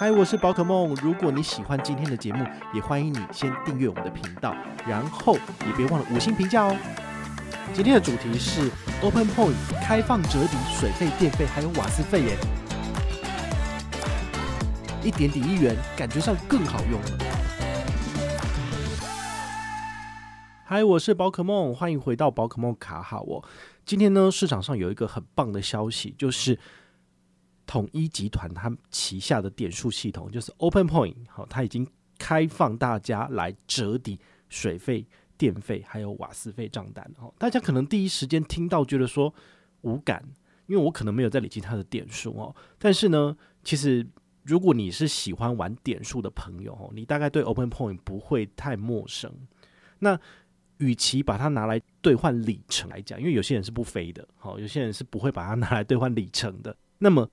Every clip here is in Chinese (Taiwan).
嗨，Hi, 我是寶可孟。如果你喜歡今天的節目，也歡迎你先訂閱我們的頻道，然後也別忘了五星評價哦。今天的主題是 Open Point 開放折抵水費、電費還有瓦斯費耶，一點抵一元，感覺上更好用了。嗨，Hi, 我是寶可孟，歡迎回到寶可孟卡好哦。今天呢，市場上有一個很棒的消息，就是。統一集團它，旗下的點數系統就是 Open Point，好、哦，它已經開放大家來折抵水費、電費還有瓦斯費賬單。哦，大家可能第一時間聽到覺得說無感，因為我可能沒有在累積它的點數哦。但是呢，其實如果你是喜歡玩點數的朋友、哦，你大概對 Open Point 不會太陌生。那與其把它拿來兌換里程來講，因為有些人是不飛的，好、哦，有些人是不會把它拿來兌換里程的。那麼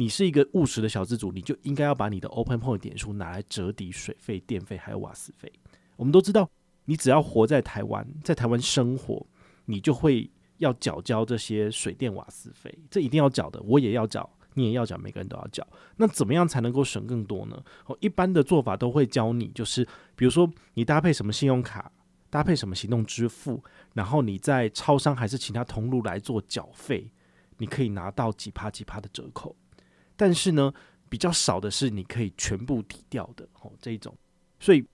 你是一個務實的小資主，你就應該要把你的 Open Point 點數拿來折抵水費、電費還有瓦斯費。我們都知道，你只要活在台灣，在台灣生活，你就會要繳交這些水電瓦斯費，這一定要繳的。我也要繳，你也要繳，每個人都要繳。那怎麼樣才能夠省更多呢？哦，一般的做法都會教你，就是比如說你搭配什麼信用卡，搭配什麼行動支付，然後你在超商還是其他通路來做繳費，你可以拿到幾趴幾趴的折扣。但是呢，比較少的是你可以全部抵掉的哦，這一種。所以，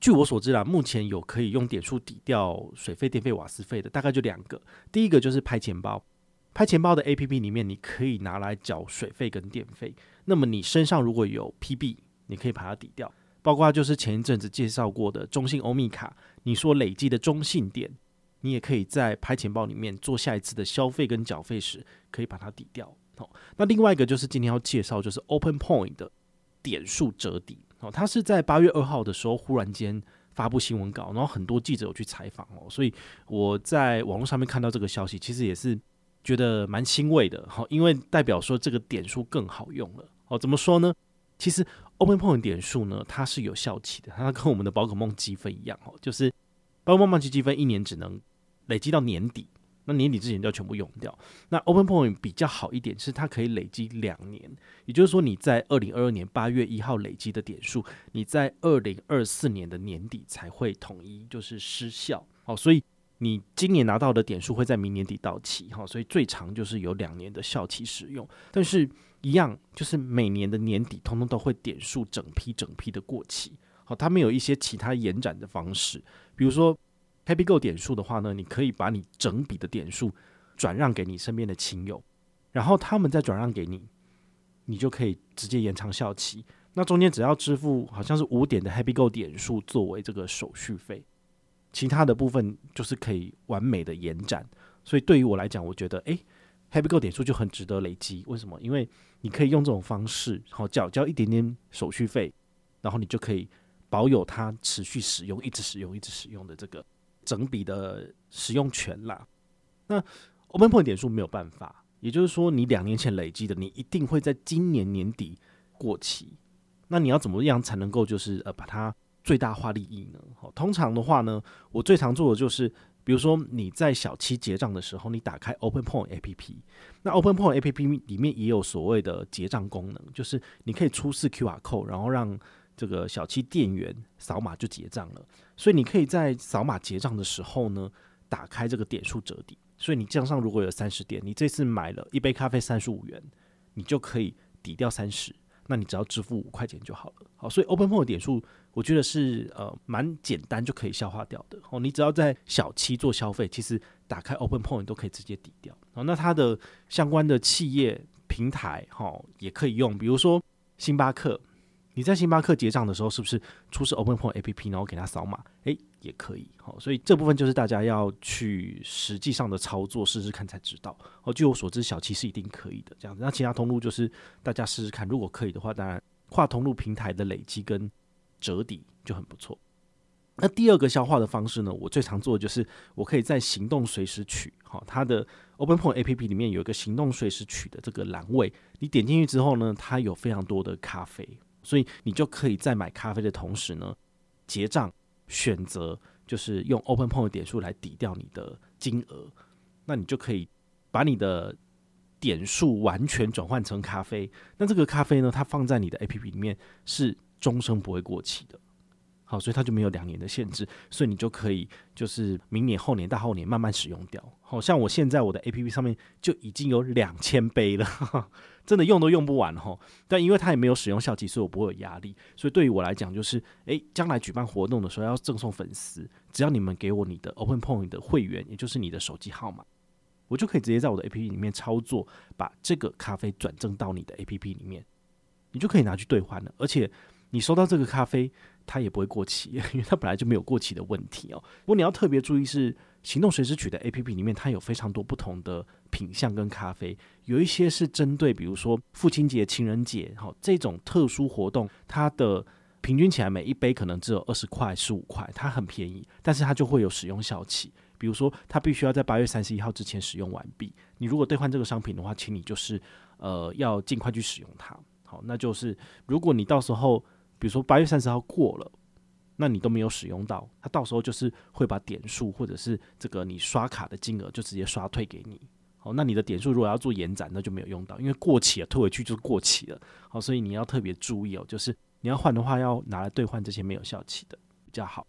據我所知啦，目前有可以用點數抵掉水費、電費、瓦斯費的，大概就兩個。第一個就是拍錢包，拍錢包的 APP 裡面你可以拿來繳水費跟電費。那麼你身上如果有 PB，你可以把它抵掉。包括就是前一陣子介紹過的中信歐米卡，你說累積的中信點，你也可以在拍錢包裡面做下一次的消費跟繳費時，可以把它抵掉。哦，那另外一個就是今天要介紹就是 Open Point 的點數折抵哦，它是在八月二號的時候忽然間發布新聞稿，然後很多記者有去採訪哦，所以我在網絡上面看到這個消息，其實也是覺得蠻欣慰的哦，因為代表說這個點數更好用了哦。怎麼說呢？其實 Open Point 的點數呢，它是有效期的，它跟我們的寶可夢積分一樣哦，就是寶可夢集積分一年只能累積到年底。那年底之前就要全部用掉。那 Open Point 比較好一點，是它可以累積兩年，也就是說你在二零二二年八月一號累積的點數，你在二零二四年的年底才會統一就是失效。好，所以你今年拿到的點數會在明年底到期哈，所以最長就是有兩年的效期使用。但是一樣，就是每年的年底通通都會點數整批整批的過期。好，它沒有一些其他延展的方式，比如說。HappyGo 點數的話呢，你可以把你整筆的點數轉讓給你身邊的親友，然後他們再轉讓給你，你就可以直接延長效期。那中間只要支付好像是五點的 HappyGo 點數作為這個手續費，其他的部分就是可以完美的延展。所以對於我來講，我覺得哎，HappyGo 點數就很值得累積。為什麼？因為你可以用這種方式，然後繳交一點點手續費，然後你就可以保有它持續使用、一直使用、一直使用的這個。整筆的使用權啦，那 Open Point 點數沒有辦法，也就是說你兩年前累積的，你一定會在今年年底過期。那你要怎麼樣才能夠就是呃把它最大化利益呢？好，通常的話呢，我最常做的就是，比如說你在小七結賬的時候，你打開 Open Point APP，那 Open Point APP 裡面也有所謂的結賬功能，就是你可以出示 QR code，然後讓這個小七店員掃碼就結賬了。所以你可以在掃碼結賬的時候呢，打開這個點數折抵。所以你賬上如果有三十點，你這次買了一杯咖啡三十五元，你就可以抵掉三十，那你只要支付五塊錢就好了。好，所以 Open Point 的點數我覺得是呃蠻簡單就可以消化掉的。哦，你只要在小七做消費，其實打開 Open Point 都可以直接抵掉。好、哦，那它的相關的企業平台哈、哦、也可以用，比如說星巴克。你在星巴克結賬的時候，是不是出示 Open Point A P P 然後給他掃碼？誒、欸、也可以。好、哦，所以這部分就是大家要去實際上的操作試試看才知道。哦，據我所知，小七是一定可以的。這樣子，那其他通路就是大家試試看，如果可以的話，當然跨通路平台的累積跟折抵就很不錯。那第二個消化的方式呢，我最常做的就是我可以在行動隨時取。好、哦，它的 Open Point A P P 裡面有一個行動隨時取的這個欄位，你點進去之後呢，它有非常多的咖啡。所以你就可以在買咖啡的同時呢，結賬選擇就是用 Open Point 的點數來抵掉你的金額，那你就可以把你的點數完全轉換成咖啡。那這個咖啡呢，它放在你的 APP 裡面是終生不會過期的。好，所以它就沒有兩年的限制，所以你就可以就是明年、後年、大後年慢慢使用掉。好像我現在我的 APP 上面就已經有兩千杯了。真的用都用不完吼。但因為他也沒有使用效期，所以我不會有壓力。所以對於我來講，就是哎，將來舉辦活動的時候要贈送粉絲，只要你們給我你的 Open Point 的會員，也就是你的手機號碼，我就可以直接在我的 A P P 裡面操作，把這個咖啡轉贈到你的 A P P 裡面，你就可以拿去兌換了。而且你收到這個咖啡。它也不會過期，因為它本來就沒有過期的問題哦。不過你要特別注意是行動隨時取的 APP 裡面，它有非常多不同的品項跟咖啡，有一些是針對比如說父親節、情人節，好、哦、這種特殊活動，它的平均起來每一杯可能只有二十塊、十五塊，它很便宜，但是它就會有使用效期，比如說它必須要在八月三十一號之前使用完畢。你如果兌換這個商品的話，請你就是呃要盡快去使用它。好、哦，那就是如果你到時候。比如說八月三十號過了，那你都沒有使用到，它到時候就是會把點數或者是這個你刷卡的金額就直接刷退給你。好，那你的點數如果要做延展，那就沒有用到，因為過期了，退回去就是過期了。好，所以你要特別注意哦，就是你要換的話，要拿來兌換這些沒有效期的比較好。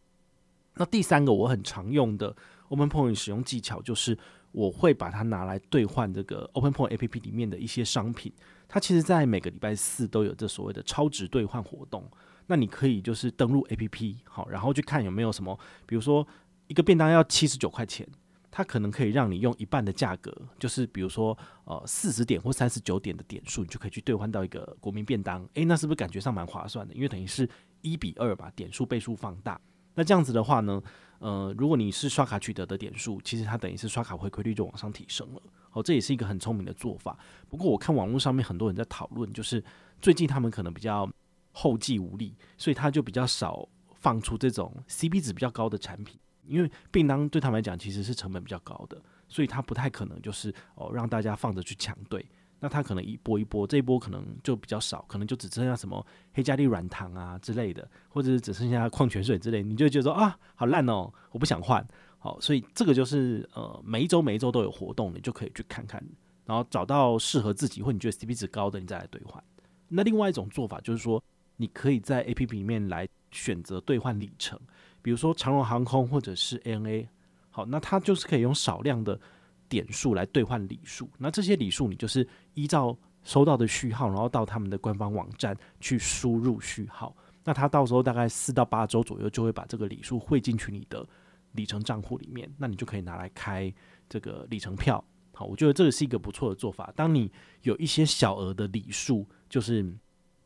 那第三個我很常用的 Open Point 使用技巧，就是我會把它拿來兌換這個 Open Point APP 裡面的一些商品。它其實，在每個禮拜四都有這所謂的超值兌換活動。那你可以就是登錄 APP，好，然後去看有沒有什麼，比如說一個便當要七十九塊錢，它可能可以讓你用一半的價格，就是比如說呃四十點或三十九點的點數，你就可以去兌換到一個國民便當。誒、欸，那是不是感覺上蠻划算的？因為等於是一比二把點數倍數放大。那這樣子的話呢？呃，如果你是刷卡取得的點數，其實它等於是刷卡回饋率就往上提升了。哦，這也是一個很聰明的做法。不過我看網絡上面很多人在討論，就是最近他們可能比較後繼無力，所以他就比較少放出這種 CP 值比較高的產品，因為便當對他們來講其實是成本比較高的，所以他不太可能就是哦讓大家放着去搶兌。那它可能一波一波，這一波可能就比較少，可能就只剩下什麼黑加利軟糖啊之類的，或者是只剩下礦泉水之類的，你就會覺得說啊，好爛哦，我不想換。好，所以這個就是呃，每一周每一周都有活動，你就可以去看看，然後找到適合自己或你覺得 CP 值高的，你再來兌換。那另外一種做法就是說，你可以在 APP 裡面來選擇兌換里程，比如說長榮航空或者是 ANA，好，那它就是可以用少量的點數來兌換裡數，那這些裡數你就是。依照收到的序號，然後到他們的官方網站去輸入序號，那他到時候大概四到八周左右就會把這個哩數匯進去你的里程賬戶裡面，那你就可以拿來開這個里程票。好，我覺得這個是一個不錯的做法。當你有一些小額的哩數，就是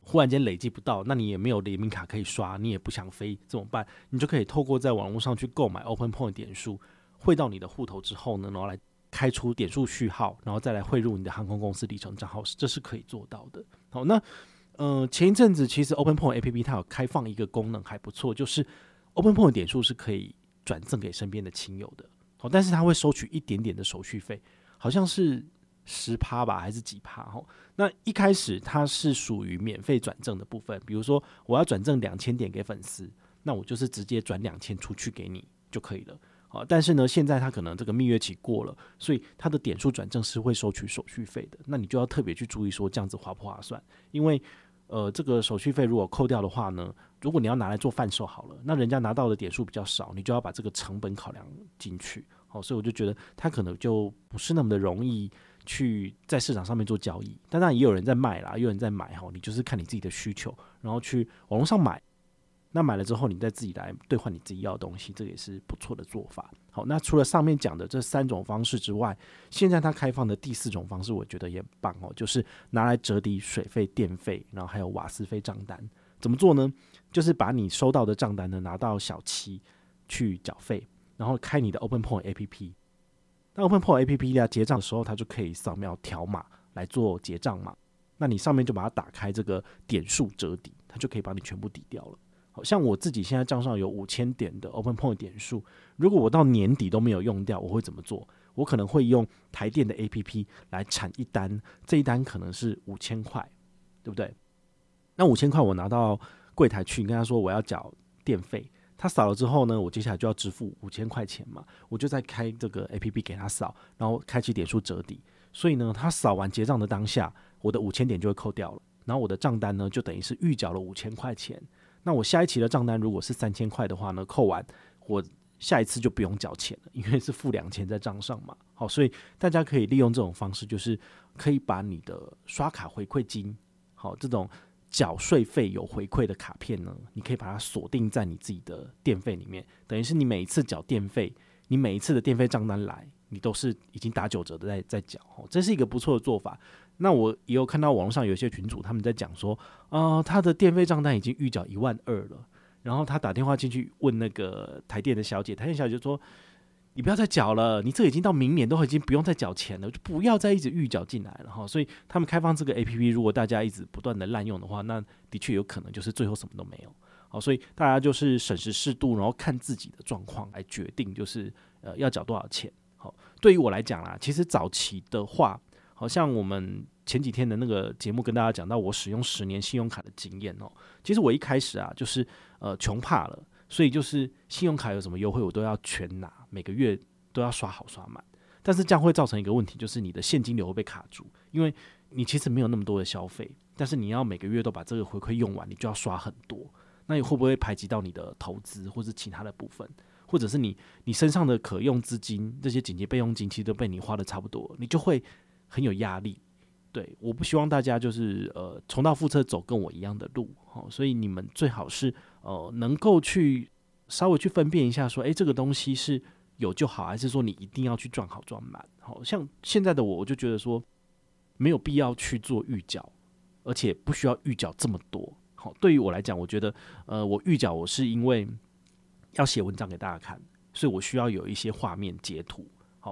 忽然間累積不到，那你也沒有聯名卡可以刷，你也不想飛怎麼辦？你就可以透過在網絡上去購買 Open Point 點數，匯到你的戶頭之後呢，然後來。開出點數序號，然後再來匯入你的航空公司里程賬號，這是可以做到的。好，那嗯、呃，前一陣子其實 Open Point A P P 它有開放一個功能還不錯，就是 Open Point 點數是可以轉贈給身邊的親友的。好，但是它會收取一點點的手續費，好像是十趴吧，還是幾趴？哦，那一開始它是屬於免費轉贈的部分，比如說我要轉贈兩千點給粉絲，那我就是直接轉兩千出去給你就可以了。但是呢，現在他可能這個蜜月期過了，所以他的點數轉正是會收取手續費的。那你就要特別去注意說這樣子划不划算？因為呃，這個手續費如果扣掉的話呢，如果你要拿來做販售好了，那人家拿到的點數比較少，你就要把這個成本考量進去。好、哦，所以我就覺得他可能就不是那麼的容易去在市場上面做交易。但當然也有人在賣啦，也有人在買哈、哦，你就是看你自己的需求，然後去網絡上買。那買了之後，你再自己來兌換你自己要的東西，這個也是不錯的做法。好，那除了上面講的這三種方式之外，現在它開放的第四種方式，我覺得也很棒哦，就是拿來折抵水費、電費，然後還有瓦斯費賬單。怎麼做呢？就是把你收到的賬單呢拿到小七去繳費，然後開你的 Open Point A P P。那 Open Point A P P 呀，結賬的時候它就可以掃描條碼來做結賬嘛。那你上面就把它打開，這個點數折抵，它就可以把你全部抵掉了。像我自己現在賬上有五千點的 Open Point 點數，如果我到年底都沒有用掉，我會怎麼做？我可能會用台電的 APP 來產一單，這一單可能是五千塊，對不對？那五千塊我拿到櫃台去跟他說我要繳電費，他掃了之後呢，我接下來就要支付五千塊錢嘛，我就再開這個 APP 給他掃，然後開啟點數折抵，所以呢，他掃完結賬的當下，我的五千點就會扣掉了，然後我的賬單呢就等於是預繳了五千塊錢。那我下一期的賬單如果是三千塊的話呢，扣完我下一次就不用交錢了，因為是付兩千在賬上嘛。好，所以大家可以利用這種方式，就是可以把你的刷卡回饋金，好，這種繳稅費有回饋的卡片呢，你可以把它鎖定在你自己的電費裡面，等於是你每一次繳電費，你每一次的電費賬單來，你都是已經打九折的在在繳。好，這是一個不錯的做法。那我也有看到網絡上有一些群主他們在講說，啊、呃，他的電費賬單已經預繳一萬二了，然後他打電話進去問那個台電的小姐，台電小姐說，你不要再繳了，你這已經到明年都已經不用再繳錢了，就不要再一直預繳進來了哈。所以他們開放這個 APP，如果大家一直不斷的濫用的話，那的確有可能就是最後什麼都沒有。好，所以大家就是審時適度，然後看自己的狀況來決定，就是呃要繳多少錢。好，對於我來講啦、啊，其實早期的話。好像我們前幾天的那個節目跟大家講到，我使用十年信用卡的經驗哦。其實我一開始啊，就是呃窮怕了，所以就是信用卡有什麼優惠我都要全拿，每個月都要刷好刷滿。但是這樣會造成一個問題，就是你的現金流會被卡住，因為你其實沒有那麼多的消費，但是你要每個月都把這個回饋用完，你就要刷很多。那你會不會排擠到你的投資或是其他的部分，或者是你你身上的可用資金、這些緊急備用金，其實都被你花得差不多，你就會。很有壓力，對，我不希望大家就是呃重蹈覆轍走跟我一樣的路，好，所以你們最好是呃能夠去稍微去分辨一下說，誒這個東西是有就好，還是說你一定要去賺好賺滿？好，像現在的我，我就覺得說沒有必要去做預繳，而且不需要預繳這麼多。好，對於我來講，我覺得呃我預繳我是因為要寫文章給大家看，所以我需要有一些畫面截圖。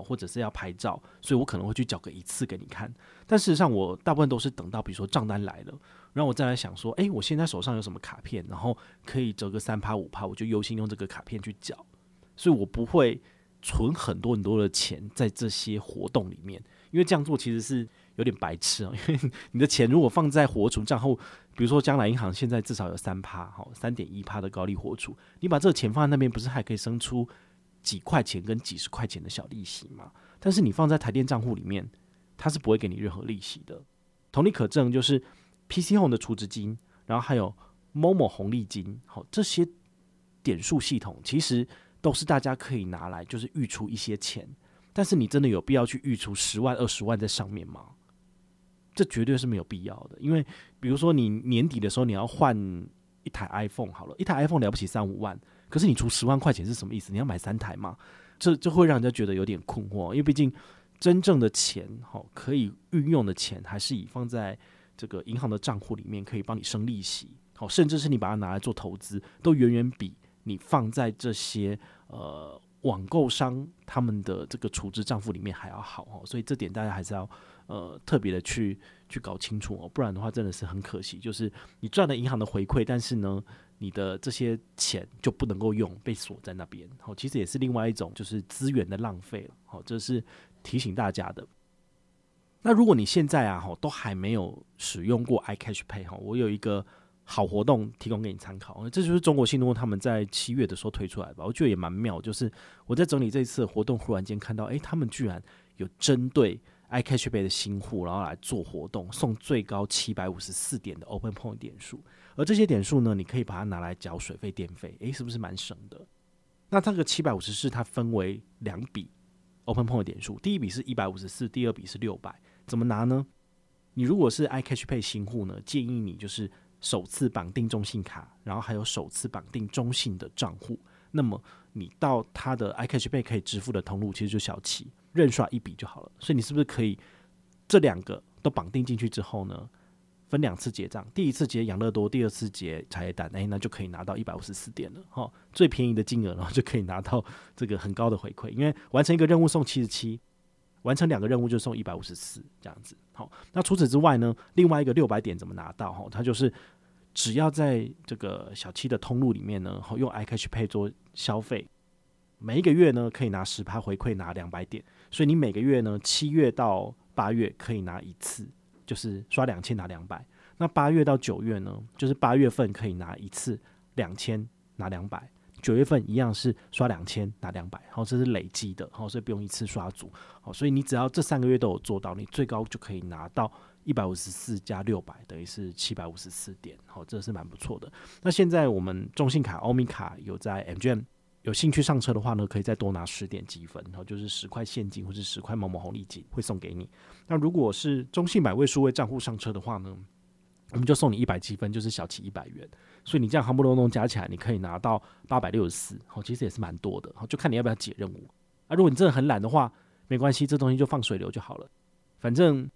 或者是要拍照，所以我可能會去繳個一次給你看。但事實上，我大部分都是等到比如說賬單來了，然後我再來想說，哎、欸，我現在手上有什麼卡片，然後可以折個三趴五趴，我就優先用這個卡片去繳。所以我不會存很多很多的錢在這些活動裡面，因為這樣做其實是有點白痴啊、喔。因為你的錢如果放在活儲賬戶，比如說將來銀行現在至少有三趴，好三點一趴的高利活儲，你把這個錢放在那邊，不是還可以生出幾塊錢跟幾十塊錢的小利息嘛，但是你放在台電賬戶裡面，它是不會給你任何利息的。同理可證，就是 PC 紅的儲值金，然後還有某某紅利金，好這些點數系統，其實都是大家可以拿來就是預出一些錢，但是你真的有必要去預出十萬二十萬在上面嗎？這絕對是沒有必要的，因為比如說你年底的時候你要換一台 iPhone，好了一台 iPhone 了不起三五萬。可是你出十萬塊錢是什麼意思？你要買三台嗎？這這會讓人家覺得有點困惑，因為畢竟真正的錢，好，可以運用的錢，還是以放在這個銀行的賬戶裡面，可以幫你生利息，好，甚至是你把它拿來做投資，都遠遠比你放在這些呃網購商他們的這個儲值賬戶裡面還要好哦。所以這點大家還是要呃特別的去去搞清楚哦，不然的話真的是很可惜，就是你賺了銀行的回饋，但是呢。你的這些錢就不能夠用，被鎖在那邊。好，其實也是另外一種，就是資源的浪費。好，這是提醒大家的。那如果你現在啊，都還沒有使用過 iCash Pay 哈，我有一個好活動提供給你參考。這就是中國信託他們在七月的時候推出來的。我覺得也蠻妙。就是我在整理這次活動，忽然間看到，誒、欸，他們居然有針對。icash Pay 的新戶，然後來做活動，送最高七百五十四點的 Open Point 點數，而這些點數呢，你可以把它拿來繳水費、電費，誒、欸，是不是蠻省的？那這個七百五十四，它分為兩筆 Open Point 點數，第一筆是一百五十四，第二筆是六百，怎麼拿呢？你如果是 icash Pay 新戶呢，建議你就是首次綁定中信卡，然後還有首次綁定中信的賬戶，那麼你到他的 icash Pay 可以支付的通路，其實就是小七。認刷一筆就好了，所以你是不是可以這兩個都綁定進去之後呢，分兩次結賬，第一次結養樂多，第二次結茶葉蛋，誒、欸，那就可以拿到一百五十四點了，哈，最便宜的金額，然後就可以拿到這個很高的回饋，因為完成一個任務送七十七，完成兩個任務就送一百五十四，這樣子。好，那除此之外呢，另外一個六百點怎麼拿到？哈，它就是只要在這個小七的通路裡面呢，用 iK 去配做消費，每一個月呢可以拿十趴回饋拿兩百點。所以你每個月呢，七月到八月可以拿一次，就是刷兩千拿兩百。那八月到九月呢，就是八月份可以拿一次兩千拿兩百，九月份一樣是刷兩千拿兩百。然後這是累積的，然後所以不用一次刷足。好，所以你只要這三個月都有做到，你最高就可以拿到一百五十四加六百，600，等於是七百五十四點。好，這是蠻不錯的。那現在我們中信卡、歐米卡有在 MGM 有興趣上車的話呢，可以再多拿十點積分，然後就是十塊現金或者十塊某某紅利金會送給你。那如果是中信百位數位賬戶上車的話呢，我們就送你一百積分，就是小七一百元。所以你這樣夯不隆咚加起來，你可以拿到八百六十四。好，其實也是蠻多的，好，就看你要不要解任務啊。如果你真的很懶的話，沒關係，這東西就放水流就好了。反正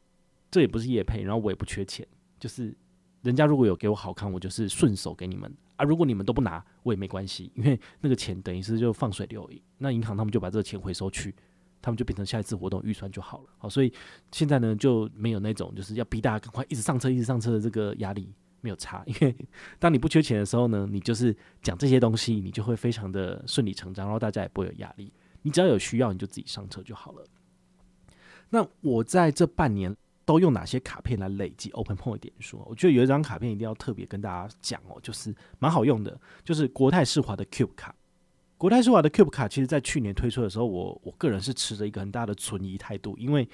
這也不是業配，然後我也不缺錢，就是人家如果有給我好看，我就是順手給你們。啊，如果你們都不拿，我也沒關係，因為那個錢等於是就放水流而已。那銀行他們就把這個錢回收去，他們就變成下一次活動預算就好了。好，所以現在呢，就沒有那種就是要逼大家趕快一直上車一直上車的這個壓力，沒有差，因為當你不缺錢的時候呢，你就是講這些東西，你就會非常的順理成章，然後大家也不會有壓力。你只要有需要，你就自己上車就好了。那我在這半年，都用哪些卡片來累積 Open Point 點數，我覺得有一張卡片一定要特別跟大家講哦，就是蠻好用的，就是國泰世華的 Cube 卡。國泰世華的 Cube 卡其實在去年推出的時候，我我個人是持着一個很大的存疑態度，因為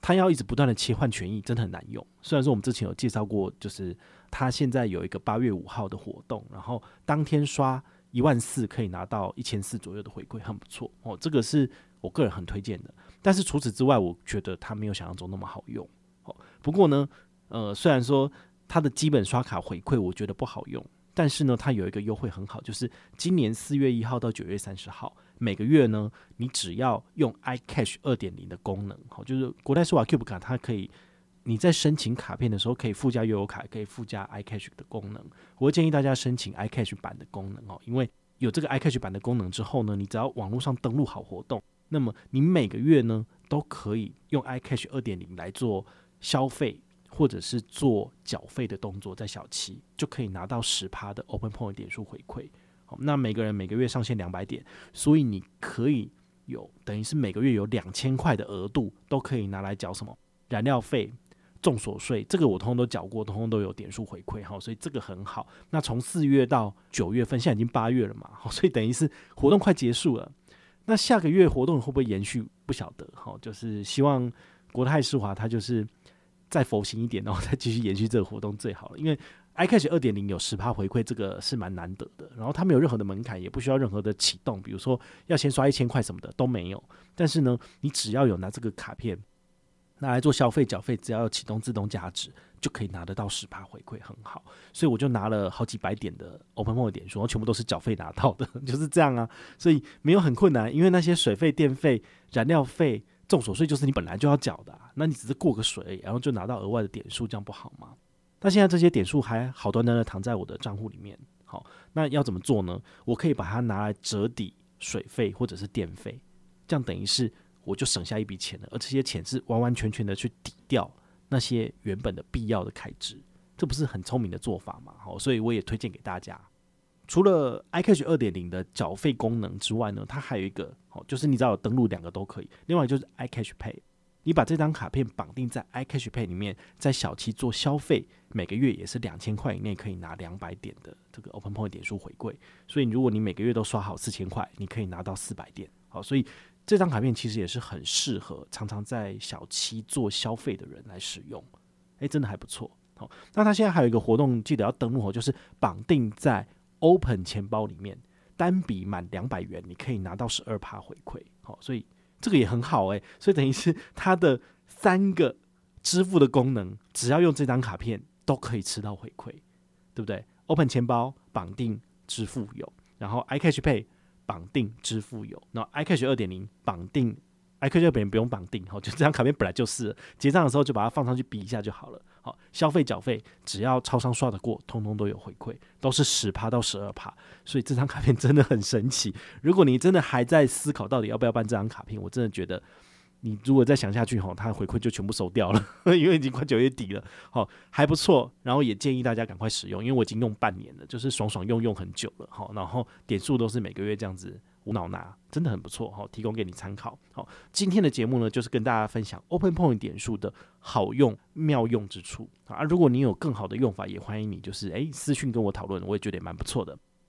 它要一直不斷的切換權益，真的很難用。雖然說我們之前有介紹過，就是它現在有一個八月五號的活動，然後當天刷一萬四可以拿到一千四左右的回饋，很不錯哦。這個是我個人很推薦的。但是除此之外，我覺得它沒有想象中那麼好用。不過呢，呃，雖然說它的基本刷卡回饋我覺得不好用，但是呢，它有一個優惠很好，就是今年四月一號到九月三十號，每個月呢，你只要用 iCash 二點零的功能，好、哦，就是國泰世華 Cube 卡，它可以你在申請卡片的時候可以附加悠遊卡，可以附加 iCash 的功能。我會建議大家申請 iCash 版的功能哦，因為有這個 iCash 版的功能之後呢，你只要網絡上登錄好活動，那麼你每個月呢都可以用 iCash 二點零來做。消費或者是做繳費的動作，在小七就可以拿到十趴的 Open Point 點數回饋。好，那每個人每個月上限兩百點，所以你可以有等於是每個月有兩千塊的額度，都可以拿來繳什麼燃料費、綜所稅。這個我通通都繳過，通通都有點數回饋。好，所以這個很好。那從四月到九月份，現在已經八月了嘛，所以等於是活動快結束了。那下個月活動會不會延續？不曉得。好，就是希望國泰世華它就是。再佛心一點，然後再繼續延續這個活動最好了。因為 iCash 二點零有十趴回饋，這個是蠻難得的。然後它沒有任何的門檻，也不需要任何的啟動，比如說要先刷一千塊什麼的都沒有。但是呢，你只要有拿這個卡片拿來做消費繳費，只要啟動自動加值，就可以拿得到十趴回饋，很好。所以我就拿了好幾百點的 OPEN POINT 點數，然後全部都是繳費拿到的，就是這樣啊。所以沒有很困難，因為那些水費、電費、燃料費。眾所周知，就是你本來就要繳的啊，那你只是過個水，然後就拿到額外的點數，這樣不好嗎？但現在這些點數還好端端的躺在我的賬戶裡面，好，那要怎麼做呢？我可以把它拿來折抵水費或者是電費，這樣等於是我就省下一筆錢了，而這些錢是完完全全的去抵掉那些原本的必要的開支，這不是很聰明的做法嗎？好，所以我也推薦給大家。除了 iCash 二點零的繳費功能之外呢，它還有一個好，就是你只要登錄兩個都可以。另外就是 iCash Pay，你把這張卡片綁定在 iCash Pay 裡面，在小七做消費，每個月也是兩千塊以內可以拿兩百點的這個 Open Point 點數回饋。所以如果你每個月都刷好四千塊，你可以拿到四百點。好，所以這張卡片其實也是很適合常常在小七做消費的人來使用。誒、欸，真的還不錯。好，那它現在還有一個活動，記得要登錄哦，就是綁定在。Open 錢包裡面單筆滿兩百元，你可以拿到十二趴回饋，好、哦，所以這個也很好誒、欸。所以等於是它的三個支付的功能，只要用這張卡片都可以吃到回饋，對不對？Open 錢包綁定支付有，然後 iCash Pay 綁定支付有，那 iCash 二點零綁定。icash 這邊不用綁定、哦，就這張卡片本來就是了，結賬的時候就把它放上去比一下就好了。好、哦，消費繳費只要超商刷得過，通通都有回饋，都是十趴到十二趴，所以這張卡片真的很神奇。如果你真的還在思考到底要不要辦這張卡片，我真的覺得。你如果再想下去吼，它的回饋就全部收掉了，因為已經快九月底了。好，還不錯，然後也建議大家趕快使用，因為我已經用半年了，就是爽爽用用很久了。吼，然後點數都是每個月這樣子無腦拿，真的很不錯。好，提供給你參考。好，今天的節目呢，就是跟大家分享 Open Point 點數的好用妙用之處。啊，如果你有更好的用法，也歡迎你就是誒、欸，私訊跟我討論，我也覺得也蠻不錯的。